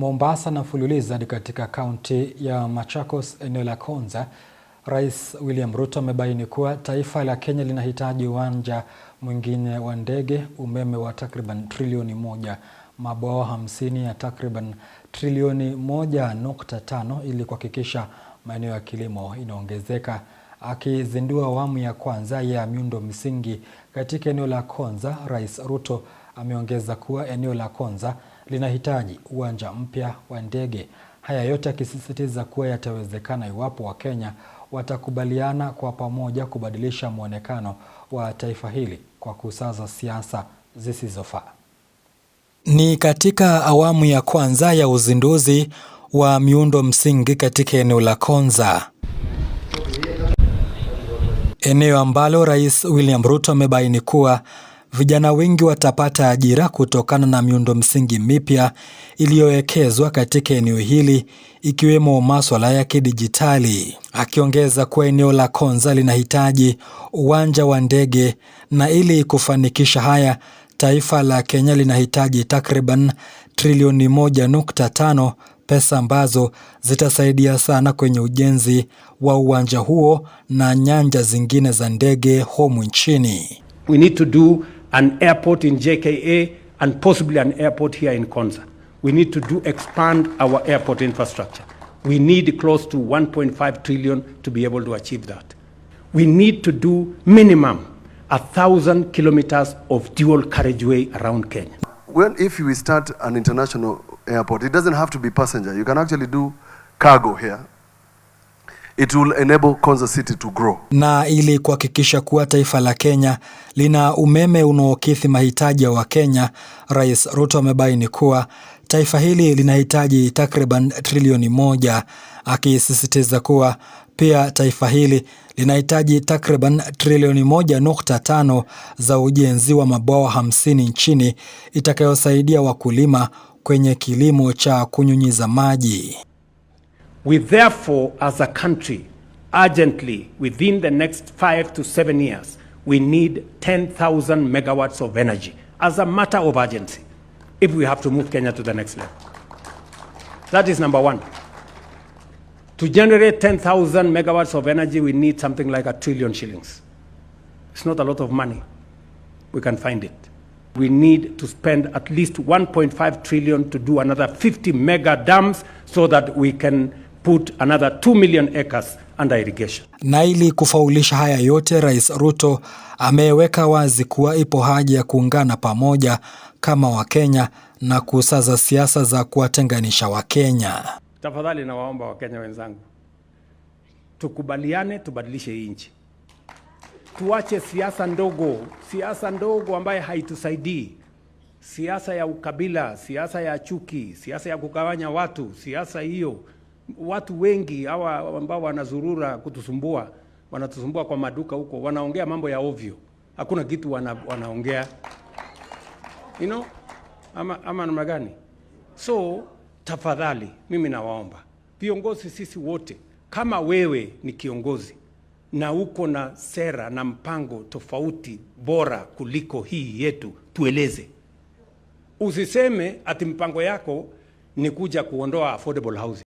Mombasa na fululiza ni katika kaunti ya Machakos, eneo la Konza. Rais William Ruto amebaini kuwa taifa la Kenya linahitaji uwanja mwingine wa ndege, umeme wa takriban trilioni moja, mabwawa hamsini ya takriban trilioni moja nukta tano ili kuhakikisha maeneo ya kilimo inaongezeka. Akizindua awamu ya kwanza ya miundo msingi katika eneo la Konza, Rais Ruto ameongeza kuwa eneo la Konza linahitaji uwanja mpya wa ndege. Haya yote akisisitiza kuwa yatawezekana iwapo Wakenya watakubaliana kwa pamoja kubadilisha mwonekano wa taifa hili kwa kusaza siasa zisizofaa. Ni katika awamu ya kwanza ya uzinduzi wa miundo msingi katika eneo la Konza, eneo ambalo Rais William Ruto amebaini kuwa vijana wengi watapata ajira kutokana na miundo msingi mipya iliyowekezwa katika eneo hili ikiwemo maswala ya kidijitali, akiongeza kuwa eneo la Konza linahitaji uwanja wa ndege na ili kufanikisha haya taifa la Kenya linahitaji takriban trilioni 1.5 pesa ambazo zitasaidia sana kwenye ujenzi wa uwanja huo na nyanja zingine za ndege humu nchini. We need to do an airport in JKA, and possibly an airport here in Konza. We need to do expand our airport infrastructure. We need close to 1.5 trillion to be able to achieve that. We need to do minimum a thousand kilometers of dual carriageway around Kenya. Well, if we start an international airport, it doesn't have to be passenger. You can actually do cargo here It will enable Konza City to grow. Na ili kuhakikisha kuwa taifa la Kenya lina umeme unaokidhi mahitaji ya Wakenya, Rais Ruto amebaini kuwa taifa hili linahitaji takriban trilioni moja, akisisitiza kuwa pia taifa hili linahitaji takriban trilioni moja nukta tano za ujenzi wa mabwawa hamsini nchini itakayosaidia wakulima kwenye kilimo cha kunyunyiza maji. We therefore, as a country, urgently, within the next five to seven years, we need 10,000 megawatts of energy as a matter of urgency if we have to move Kenya to the next level. That is number one. To generate 10,000 megawatts of energy, we need something like a trillion shillings. It's not a lot of money. We can find it. We need to spend at least 1.5 trillion to do another 50 mega dams so that we can put another 2 million acres under irrigation. Na ili kufaulisha haya yote, Rais Ruto ameweka wazi kuwa ipo haja ya kuungana pamoja kama Wakenya na kusaza siasa za kuwatenganisha Wakenya. Tafadhali nawaomba Wakenya wenzangu, tukubaliane, tubadilishe hii nchi, tuache siasa ndogo, siasa ndogo ambaye haitusaidii, siasa ya ukabila, siasa ya chuki, siasa ya kugawanya watu, siasa hiyo watu wengi hawa ambao wanazurura kutusumbua, wanatusumbua kwa maduka huko, wanaongea mambo ya ovyo, hakuna kitu wana, wanaongea you know, ama, ama namna gani? So tafadhali, mimi nawaomba viongozi, sisi wote, kama wewe ni kiongozi na uko na sera na mpango tofauti bora kuliko hii yetu, tueleze. Usiseme ati mpango yako ni kuja kuondoa affordable housing.